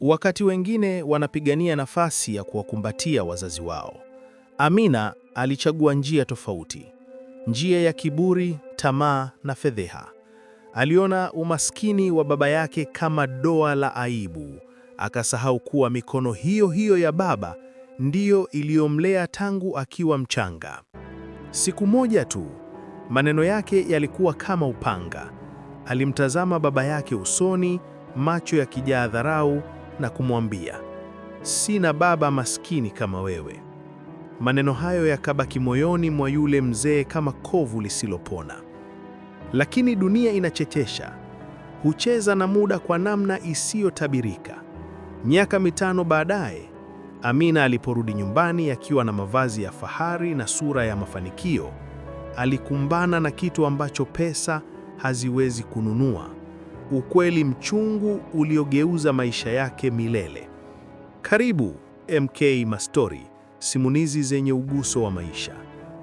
Wakati wengine wanapigania nafasi ya kuwakumbatia wazazi wao, Amina alichagua njia tofauti, njia ya kiburi, tamaa na fedheha. Aliona umaskini wa baba yake kama doa la aibu, akasahau kuwa mikono hiyo hiyo ya baba ndiyo iliyomlea tangu akiwa mchanga. Siku moja tu, maneno yake yalikuwa kama upanga. Alimtazama baba yake usoni, macho yakijaa dharau na kumwambia, sina baba maskini kama wewe. Maneno hayo yakabaki moyoni mwa yule mzee kama kovu lisilopona. Lakini dunia inachechesha, hucheza na muda kwa namna isiyotabirika. Miaka mitano baadaye, Amina aliporudi nyumbani akiwa na mavazi ya fahari na sura ya mafanikio, alikumbana na kitu ambacho pesa haziwezi kununua ukweli mchungu uliogeuza maisha yake milele. Karibu MK Mastori, simulizi zenye uguso wa maisha.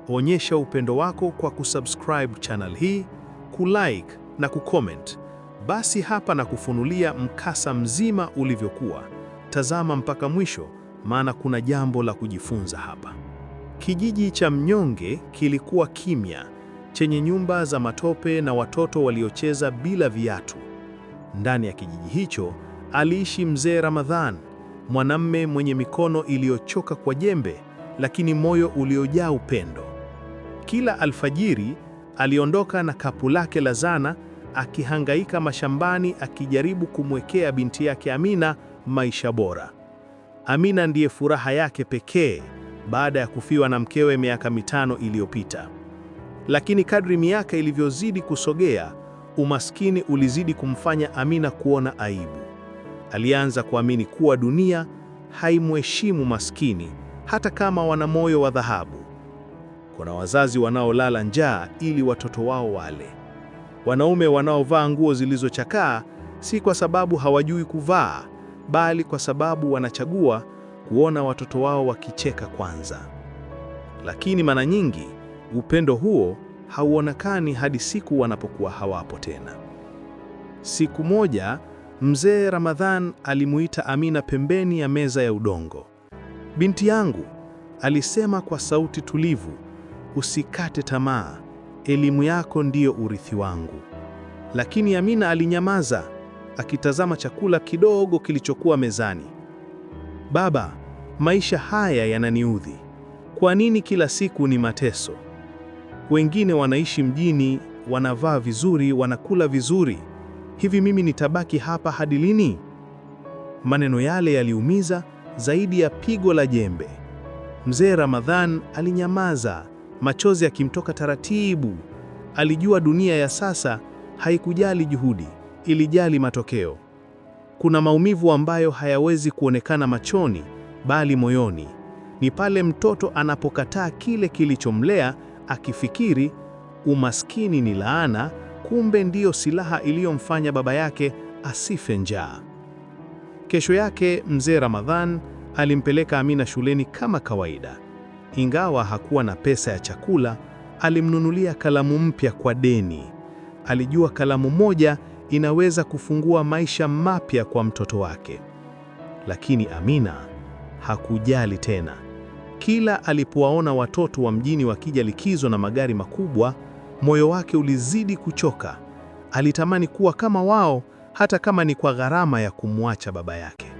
Onyesha upendo wako kwa kusubscribe channel hii, kulike na kucomment. Basi hapa na kufunulia mkasa mzima ulivyokuwa. Tazama mpaka mwisho, maana kuna jambo la kujifunza hapa. Kijiji cha mnyonge kilikuwa kimya, chenye nyumba za matope na watoto waliocheza bila viatu. Ndani ya kijiji hicho aliishi mzee Ramadhan, mwanamme mwenye mikono iliyochoka kwa jembe, lakini moyo uliojaa upendo. Kila alfajiri aliondoka na kapu lake la zana, akihangaika mashambani, akijaribu kumwekea binti yake Amina maisha bora. Amina ndiye furaha yake pekee baada ya kufiwa na mkewe miaka mitano iliyopita. Lakini kadri miaka ilivyozidi kusogea Umaskini ulizidi kumfanya Amina kuona aibu. Alianza kuamini kuwa dunia haimheshimu maskini hata kama wana moyo wa dhahabu. Kuna wazazi wanaolala njaa ili watoto wao wale, wanaume wanaovaa nguo zilizochakaa si kwa sababu hawajui kuvaa, bali kwa sababu wanachagua kuona watoto wao wakicheka kwanza. Lakini mara nyingi upendo huo hauonekani hadi siku wanapokuwa hawapo tena. Siku moja mzee Ramadhan alimuita Amina pembeni ya meza ya udongo. Binti yangu, alisema kwa sauti tulivu, usikate tamaa, elimu yako ndiyo urithi wangu. Lakini Amina alinyamaza, akitazama chakula kidogo kilichokuwa mezani. Baba, maisha haya yananiudhi. Kwa nini kila siku ni mateso? Wengine wanaishi mjini, wanavaa vizuri, wanakula vizuri. Hivi mimi nitabaki hapa hadi lini? Maneno yale yaliumiza zaidi ya pigo la jembe. Mzee Ramadhan alinyamaza, machozi yakimtoka taratibu. Alijua dunia ya sasa haikujali juhudi, ilijali matokeo. Kuna maumivu ambayo hayawezi kuonekana machoni, bali moyoni. Ni pale mtoto anapokataa kile kilichomlea akifikiri umaskini ni laana, kumbe ndiyo silaha iliyomfanya baba yake asife njaa. Kesho yake mzee Ramadhan alimpeleka Amina shuleni kama kawaida. Ingawa hakuwa na pesa ya chakula, alimnunulia kalamu mpya kwa deni. Alijua kalamu moja inaweza kufungua maisha mapya kwa mtoto wake. Lakini Amina hakujali tena. Kila alipowaona watoto wa mjini wakija likizo na magari makubwa, moyo wake ulizidi kuchoka. Alitamani kuwa kama wao, hata kama ni kwa gharama ya kumwacha baba yake.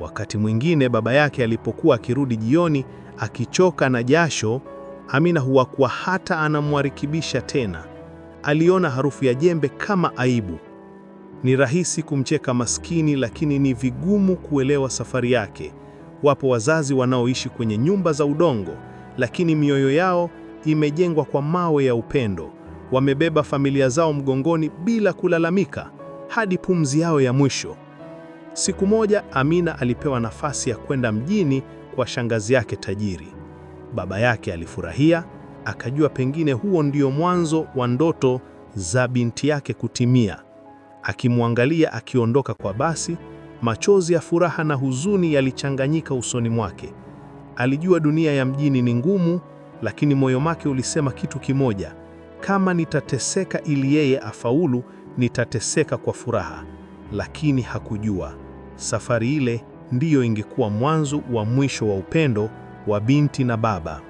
Wakati mwingine baba yake alipokuwa akirudi jioni akichoka na jasho, Amina huwakuwa hata anamwarikibisha tena. Aliona harufu ya jembe kama aibu. Ni rahisi kumcheka maskini, lakini ni vigumu kuelewa safari yake. Wapo wazazi wanaoishi kwenye nyumba za udongo, lakini mioyo yao imejengwa kwa mawe ya upendo. Wamebeba familia zao mgongoni bila kulalamika hadi pumzi yao ya mwisho. Siku moja Amina alipewa nafasi ya kwenda mjini kwa shangazi yake tajiri. Baba yake alifurahia, akajua pengine huo ndio mwanzo wa ndoto za binti yake kutimia. Akimwangalia akiondoka kwa basi Machozi ya furaha na huzuni yalichanganyika usoni mwake. Alijua dunia ya mjini ni ngumu, lakini moyo wake ulisema kitu kimoja: kama nitateseka ili yeye afaulu, nitateseka kwa furaha. Lakini hakujua safari ile ndiyo ingekuwa mwanzo wa mwisho wa upendo wa binti na baba.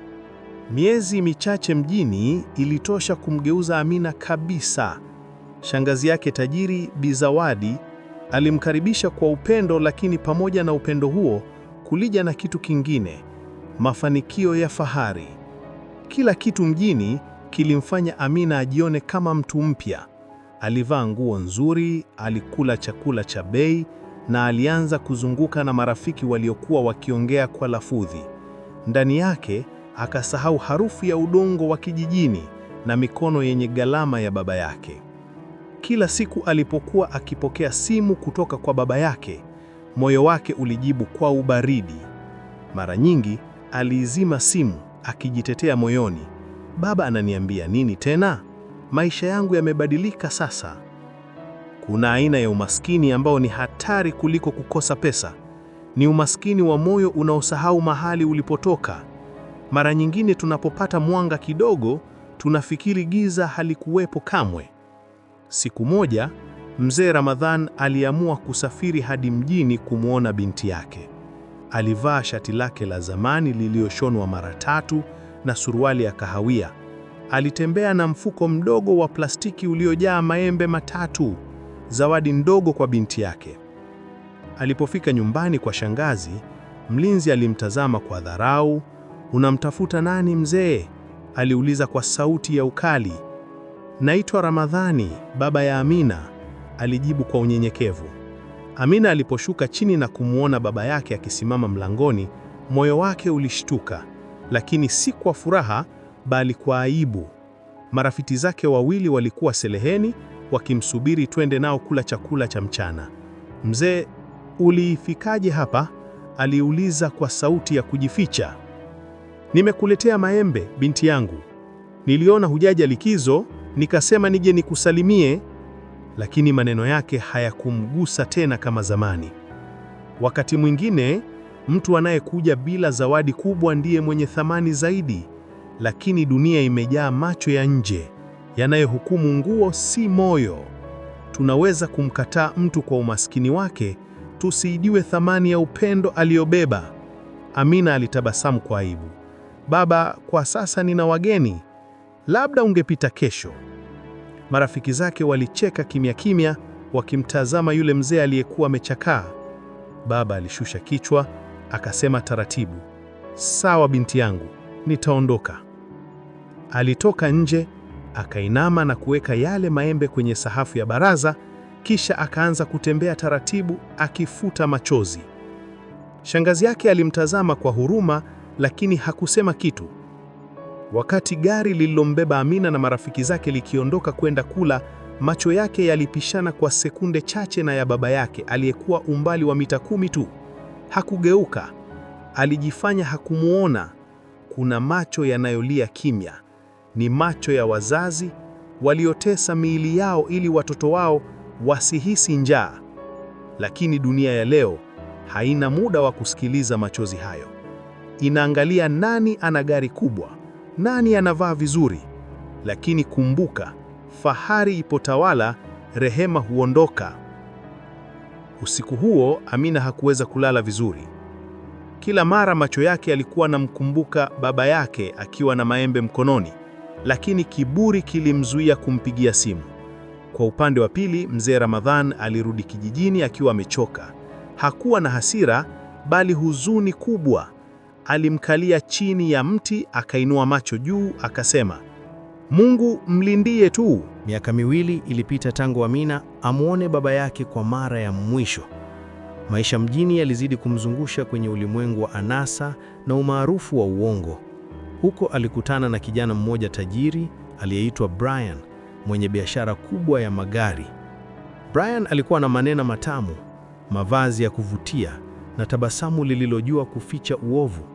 Miezi michache mjini ilitosha kumgeuza Amina kabisa. Shangazi yake tajiri bizawadi Alimkaribisha kwa upendo, lakini pamoja na upendo huo kulija na kitu kingine, mafanikio ya fahari. Kila kitu mjini kilimfanya Amina ajione kama mtu mpya. Alivaa nguo nzuri, alikula chakula cha bei na alianza kuzunguka na marafiki waliokuwa wakiongea kwa lafudhi. Ndani yake akasahau harufu ya udongo wa kijijini na mikono yenye galama ya baba yake kila siku alipokuwa akipokea simu kutoka kwa baba yake, moyo wake ulijibu kwa ubaridi. Mara nyingi aliizima simu akijitetea moyoni, baba ananiambia nini tena? Maisha yangu yamebadilika sasa. Kuna aina ya umaskini ambao ni hatari kuliko kukosa pesa. Ni umaskini wa moyo unaosahau mahali ulipotoka. Mara nyingine tunapopata mwanga kidogo, tunafikiri giza halikuwepo kamwe. Siku moja mzee Ramadhan aliamua kusafiri hadi mjini kumwona binti yake. Alivaa shati lake la zamani lililoshonwa mara tatu na suruali ya kahawia. Alitembea na mfuko mdogo wa plastiki uliojaa maembe matatu, zawadi ndogo kwa binti yake. Alipofika nyumbani kwa shangazi, mlinzi alimtazama kwa dharau. Unamtafuta nani mzee? aliuliza kwa sauti ya ukali. Naitwa Ramadhani, baba ya Amina, alijibu kwa unyenyekevu. Amina aliposhuka chini na kumwona baba yake akisimama mlangoni, moyo wake ulishtuka, lakini si kwa furaha bali kwa aibu. Marafiki zake wawili walikuwa seleheni wakimsubiri twende nao kula chakula cha mchana. Mzee, uliifikaje hapa? aliuliza kwa sauti ya kujificha. Nimekuletea maembe, binti yangu. Niliona hujaja likizo, nikasema nije nikusalimie, lakini maneno yake hayakumgusa tena kama zamani. Wakati mwingine mtu anayekuja bila zawadi kubwa ndiye mwenye thamani zaidi, lakini dunia imejaa macho ya nje yanayohukumu nguo, si moyo. Tunaweza kumkataa mtu kwa umaskini wake, tusiidiwe thamani ya upendo aliyobeba. Amina alitabasamu kwa aibu. Baba, kwa sasa nina wageni labda ungepita kesho. Marafiki zake walicheka kimya kimya, wakimtazama yule mzee aliyekuwa amechakaa. Baba alishusha kichwa, akasema taratibu, sawa binti yangu, nitaondoka. Alitoka nje, akainama na kuweka yale maembe kwenye sahafu ya baraza, kisha akaanza kutembea taratibu, akifuta machozi. Shangazi yake alimtazama kwa huruma, lakini hakusema kitu. Wakati gari lililombeba Amina na marafiki zake likiondoka kwenda kula, macho yake yalipishana kwa sekunde chache na ya baba yake aliyekuwa umbali wa mita kumi tu. Hakugeuka, alijifanya hakumuona. Kuna macho yanayolia kimya, ni macho ya wazazi waliotesa miili yao ili watoto wao wasihisi njaa. Lakini dunia ya leo haina muda wa kusikiliza machozi hayo. Inaangalia nani ana gari kubwa nani anavaa vizuri. Lakini kumbuka, fahari ipotawala, rehema huondoka. Usiku huo Amina hakuweza kulala vizuri. Kila mara macho yake alikuwa anamkumbuka baba yake akiwa na maembe mkononi, lakini kiburi kilimzuia kumpigia simu. Kwa upande wa pili, mzee Ramadhan alirudi kijijini akiwa amechoka. Hakuwa na hasira, bali huzuni kubwa alimkalia chini ya mti, akainua macho juu, akasema, Mungu mlindie tu. Miaka miwili ilipita tangu Amina amwone baba yake kwa mara ya mwisho. Maisha mjini yalizidi kumzungusha kwenye ulimwengu wa anasa na umaarufu wa uongo. Huko alikutana na kijana mmoja tajiri aliyeitwa Brian, mwenye biashara kubwa ya magari. Brian alikuwa na maneno matamu, mavazi ya kuvutia na tabasamu lililojua kuficha uovu.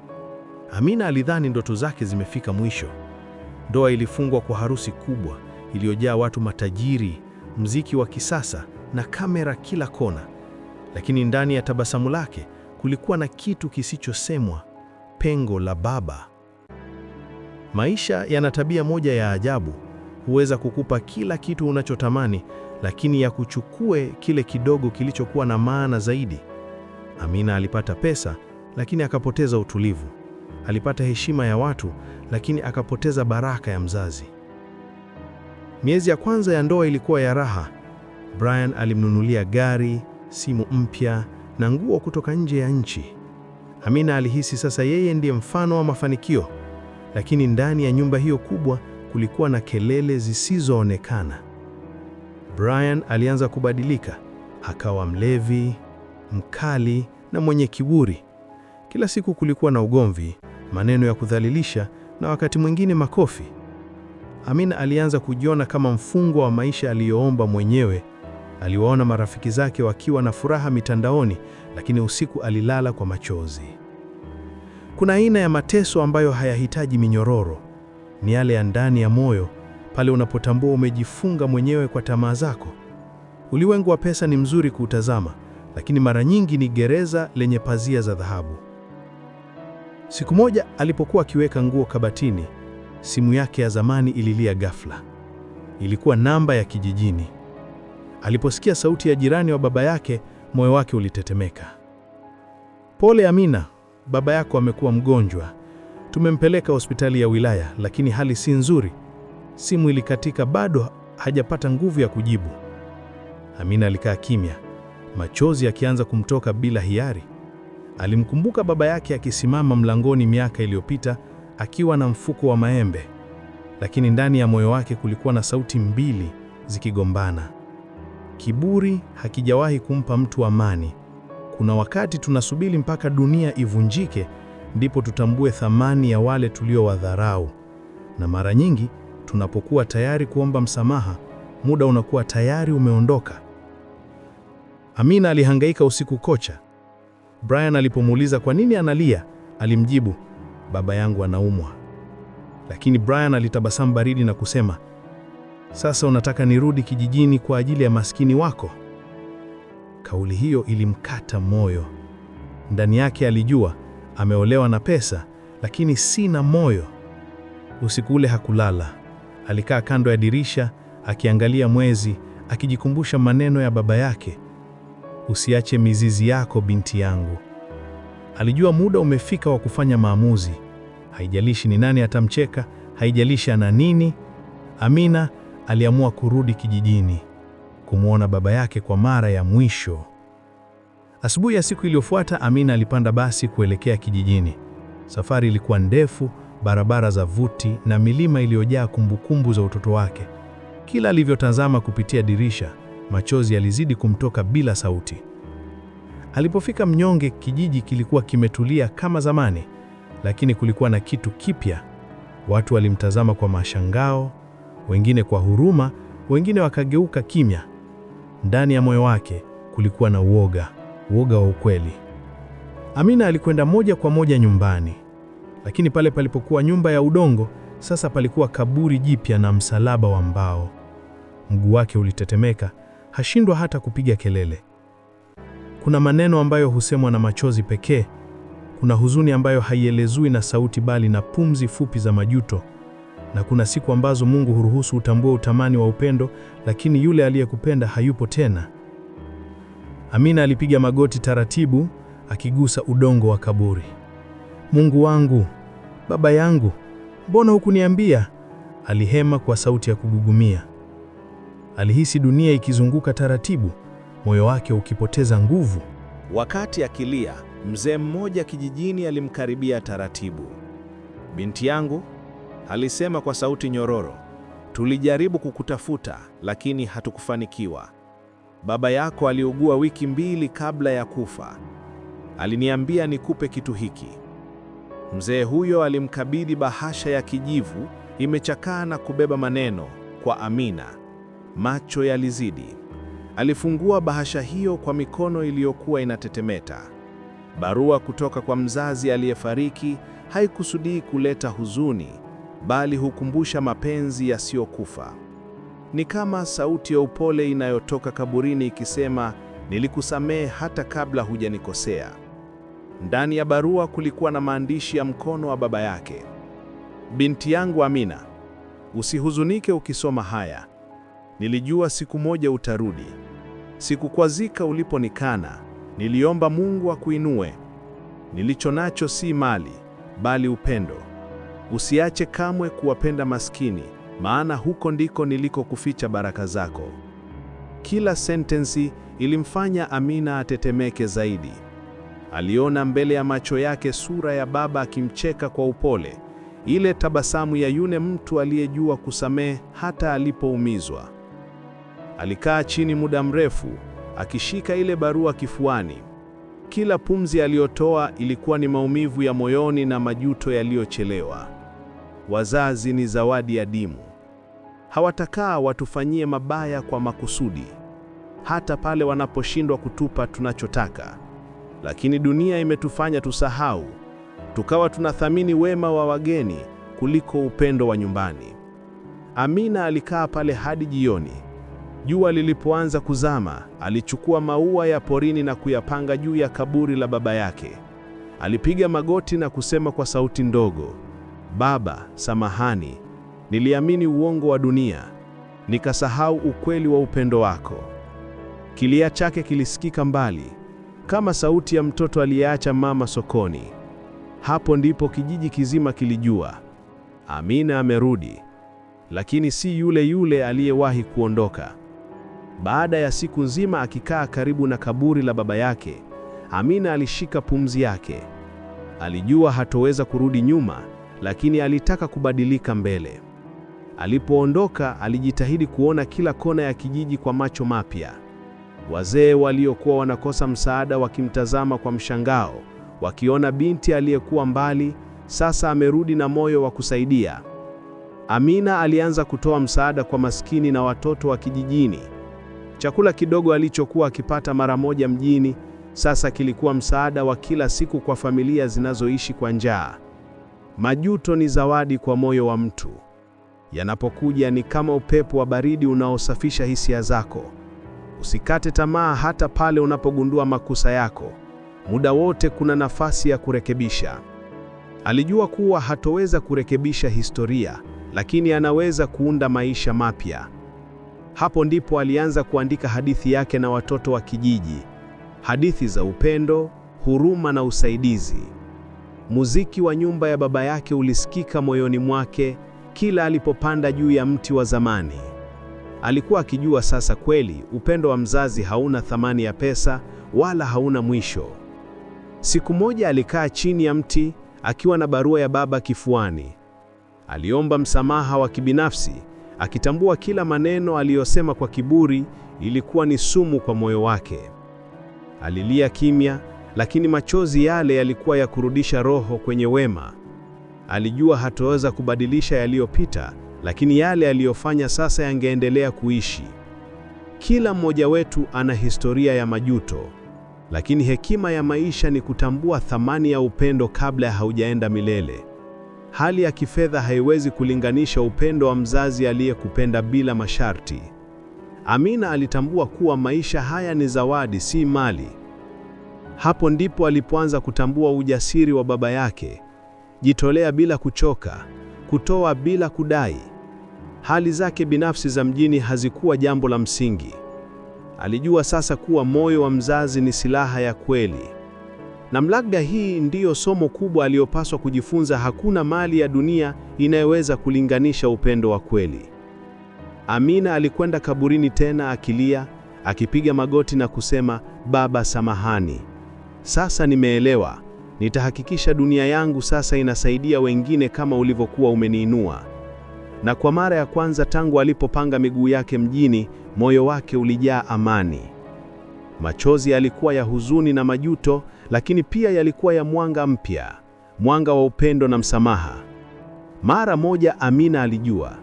Amina alidhani ndoto zake zimefika mwisho. Ndoa ilifungwa kwa harusi kubwa iliyojaa watu matajiri, mziki wa kisasa na kamera kila kona, lakini ndani ya tabasamu lake kulikuwa na kitu kisichosemwa, pengo la baba. Maisha yana tabia moja ya ajabu, huweza kukupa kila kitu unachotamani, lakini ya kuchukue kile kidogo kilichokuwa na maana zaidi. Amina alipata pesa, lakini akapoteza utulivu alipata heshima ya watu, lakini akapoteza baraka ya mzazi. Miezi ya kwanza ya ndoa ilikuwa ya raha. Brian alimnunulia gari, simu mpya na nguo kutoka nje ya nchi. Amina alihisi sasa yeye ndiye mfano wa mafanikio, lakini ndani ya nyumba hiyo kubwa kulikuwa na kelele zisizoonekana. Brian alianza kubadilika, akawa mlevi, mkali na mwenye kiburi. Kila siku kulikuwa na ugomvi, maneno ya kudhalilisha na wakati mwingine makofi. Amina alianza kujiona kama mfungwa wa maisha aliyoomba mwenyewe. Aliwaona marafiki zake wakiwa na furaha mitandaoni, lakini usiku alilala kwa machozi. Kuna aina ya mateso ambayo hayahitaji minyororo, ni yale ya ndani ya moyo, pale unapotambua umejifunga mwenyewe kwa tamaa zako. Ulimwengu wa pesa ni mzuri kuutazama, lakini mara nyingi ni gereza lenye pazia za dhahabu. Siku moja alipokuwa akiweka nguo kabatini, simu yake ya zamani ililia ghafla. Ilikuwa namba ya kijijini. Aliposikia sauti ya jirani wa baba yake, moyo wake ulitetemeka. Pole Amina, baba yako amekuwa mgonjwa. Tumempeleka hospitali ya wilaya, lakini hali si nzuri. Simu ilikatika, bado hajapata nguvu ya kujibu. Amina alikaa kimya, machozi yakianza kumtoka bila hiari. Alimkumbuka baba yake akisimama mlangoni miaka iliyopita akiwa na mfuko wa maembe, lakini ndani ya moyo wake kulikuwa na sauti mbili zikigombana. Kiburi hakijawahi kumpa mtu amani. Kuna wakati tunasubiri mpaka dunia ivunjike ndipo tutambue thamani ya wale tuliowadharau, na mara nyingi tunapokuwa tayari kuomba msamaha, muda unakuwa tayari umeondoka. Amina alihangaika usiku kocha Brian alipomuuliza kwa nini analia, alimjibu, baba yangu anaumwa. Lakini Brian alitabasamu baridi na kusema, sasa unataka nirudi kijijini kwa ajili ya maskini wako? Kauli hiyo ilimkata moyo. Ndani yake alijua ameolewa na pesa, lakini si na moyo. Usiku ule hakulala. Alikaa kando ya dirisha akiangalia mwezi, akijikumbusha maneno ya baba yake usiache mizizi yako, binti yangu. Alijua muda umefika wa kufanya maamuzi. Haijalishi ni nani atamcheka, haijalishi ana nini. Amina aliamua kurudi kijijini kumwona baba yake kwa mara ya mwisho. Asubuhi ya siku iliyofuata, Amina alipanda basi kuelekea kijijini. Safari ilikuwa ndefu, barabara za vuti na milima iliyojaa kumbukumbu za utoto wake. Kila alivyotazama kupitia dirisha Machozi yalizidi kumtoka bila sauti. Alipofika Mnyonge, kijiji kilikuwa kimetulia kama zamani, lakini kulikuwa na kitu kipya. Watu walimtazama kwa mashangao, wengine kwa huruma, wengine wakageuka kimya. Ndani ya moyo wake kulikuwa na uoga, uoga wa ukweli. Amina alikwenda moja kwa moja nyumbani, lakini pale palipokuwa nyumba ya udongo sasa palikuwa kaburi jipya na msalaba wa mbao. Mguu wake ulitetemeka, hashindwa hata kupiga kelele. Kuna maneno ambayo husemwa na machozi pekee, kuna huzuni ambayo haielezwi na sauti bali na pumzi fupi za majuto, na kuna siku ambazo Mungu huruhusu utambue utamani wa upendo, lakini yule aliyekupenda hayupo tena. Amina alipiga magoti taratibu, akigusa udongo wa kaburi. Mungu wangu, baba yangu, mbona hukuniambia? Alihema kwa sauti ya kugugumia. Alihisi dunia ikizunguka taratibu, moyo wake ukipoteza nguvu. Wakati akilia, mzee mmoja kijijini alimkaribia taratibu. Binti yangu, alisema kwa sauti nyororo, tulijaribu kukutafuta lakini hatukufanikiwa. Baba yako aliugua wiki mbili kabla ya kufa. Aliniambia nikupe kitu hiki. Mzee huyo alimkabidhi bahasha ya kijivu imechakaa na kubeba maneno kwa Amina. Macho yalizidi. Alifungua bahasha hiyo kwa mikono iliyokuwa inatetemeta. Barua kutoka kwa mzazi aliyefariki haikusudii kuleta huzuni, bali hukumbusha mapenzi yasiyokufa. Ni kama sauti ya upole inayotoka kaburini ikisema, nilikusamehe hata kabla hujanikosea. Ndani ya barua kulikuwa na maandishi ya mkono wa baba yake. Binti yangu Amina, usihuzunike ukisoma haya. Nilijua siku moja utarudi. Sikukwazika uliponikana, niliomba Mungu akuinue. Nilicho nacho si mali, bali upendo. Usiache kamwe kuwapenda maskini, maana huko ndiko nilikokuficha baraka zako. Kila sentensi ilimfanya Amina atetemeke zaidi. Aliona mbele ya macho yake sura ya baba akimcheka kwa upole, ile tabasamu ya yule mtu aliyejua kusamehe hata alipoumizwa. Alikaa chini muda mrefu, akishika ile barua kifuani. Kila pumzi aliyotoa ilikuwa ni maumivu ya moyoni na majuto yaliyochelewa. Wazazi ni zawadi ya dimu. Hawatakaa watufanyie mabaya kwa makusudi, hata pale wanaposhindwa kutupa tunachotaka. Lakini dunia imetufanya tusahau, tukawa tunathamini wema wa wageni kuliko upendo wa nyumbani. Amina alikaa pale hadi jioni. Jua lilipoanza kuzama, alichukua maua ya porini na kuyapanga juu ya kaburi la baba yake. Alipiga magoti na kusema kwa sauti ndogo, Baba, samahani, niliamini uongo wa dunia, nikasahau ukweli wa upendo wako. Kilia chake kilisikika mbali kama sauti ya mtoto aliyeacha mama sokoni. Hapo ndipo kijiji kizima kilijua Amina amerudi, lakini si yule yule aliyewahi kuondoka. Baada ya siku nzima akikaa karibu na kaburi la baba yake, Amina alishika pumzi yake. Alijua hatoweza kurudi nyuma, lakini alitaka kubadilika mbele. Alipoondoka, alijitahidi kuona kila kona ya kijiji kwa macho mapya. Wazee waliokuwa wanakosa msaada wakimtazama kwa mshangao, wakiona binti aliyekuwa mbali sasa amerudi na moyo wa kusaidia. Amina alianza kutoa msaada kwa maskini na watoto wa kijijini. Chakula kidogo alichokuwa akipata mara moja mjini, sasa kilikuwa msaada wa kila siku kwa familia zinazoishi kwa njaa. Majuto ni zawadi kwa moyo wa mtu. Yanapokuja ni kama upepo wa baridi unaosafisha hisia zako. Usikate tamaa hata pale unapogundua makosa yako. Muda wote kuna nafasi ya kurekebisha. Alijua kuwa hatoweza kurekebisha historia, lakini anaweza kuunda maisha mapya. Hapo ndipo alianza kuandika hadithi yake na watoto wa kijiji, hadithi za upendo, huruma na usaidizi. Muziki wa nyumba ya baba yake ulisikika moyoni mwake kila alipopanda juu ya mti wa zamani. Alikuwa akijua sasa kweli upendo wa mzazi hauna thamani ya pesa wala hauna mwisho. Siku moja alikaa chini ya mti akiwa na barua ya baba kifuani. Aliomba msamaha wa kibinafsi akitambua kila maneno aliyosema kwa kiburi ilikuwa ni sumu kwa moyo wake. Alilia kimya, lakini machozi yale yalikuwa ya kurudisha roho kwenye wema. Alijua hatoweza kubadilisha yaliyopita, lakini yale aliyofanya sasa yangeendelea kuishi. Kila mmoja wetu ana historia ya majuto, lakini hekima ya maisha ni kutambua thamani ya upendo kabla haujaenda milele. Hali ya kifedha haiwezi kulinganisha upendo wa mzazi aliyekupenda bila masharti. Amina alitambua kuwa maisha haya ni zawadi, si mali. Hapo ndipo alipoanza kutambua ujasiri wa baba yake. Jitolea bila kuchoka, kutoa bila kudai. Hali zake binafsi za mjini hazikuwa jambo la msingi. Alijua sasa kuwa moyo wa mzazi ni silaha ya kweli. Na labda hii ndiyo somo kubwa aliyopaswa kujifunza: hakuna mali ya dunia inayoweza kulinganisha upendo wa kweli. Amina alikwenda kaburini tena akilia, akipiga magoti na kusema, Baba samahani, sasa nimeelewa. Nitahakikisha dunia yangu sasa inasaidia wengine kama ulivyokuwa umeniinua. Na kwa mara ya kwanza tangu alipopanga miguu yake mjini, moyo wake ulijaa amani. Machozi yalikuwa ya huzuni na majuto, lakini pia yalikuwa ya mwanga mpya, mwanga wa upendo na msamaha. Mara moja Amina alijua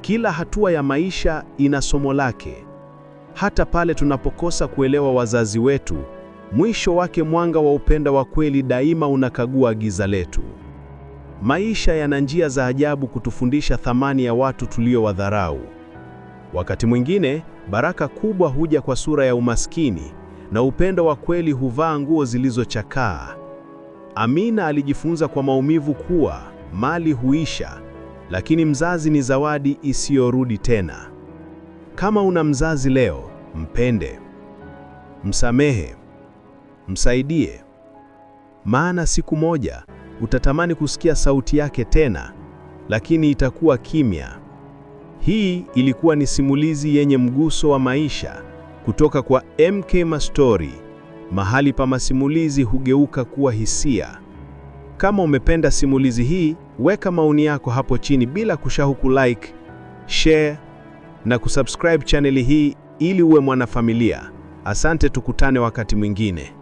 kila hatua ya maisha ina somo lake. Hata pale tunapokosa kuelewa wazazi wetu, mwisho wake mwanga wa upendo wa kweli daima unakagua giza letu. Maisha yana njia za ajabu kutufundisha thamani ya watu tuliowadharau. Wakati mwingine baraka kubwa huja kwa sura ya umaskini, na upendo wa kweli huvaa nguo zilizochakaa. Amina alijifunza kwa maumivu kuwa mali huisha, lakini mzazi ni zawadi isiyorudi tena. Kama una mzazi leo, mpende, msamehe, msaidie, maana siku moja utatamani kusikia sauti yake tena, lakini itakuwa kimya. Hii ilikuwa ni simulizi yenye mguso wa maisha kutoka kwa MK Mastori, mahali pa masimulizi hugeuka kuwa hisia. Kama umependa simulizi hii, weka maoni yako hapo chini bila kusahau kulike, share na kusubscribe chaneli hii ili uwe mwanafamilia. Asante, tukutane wakati mwingine.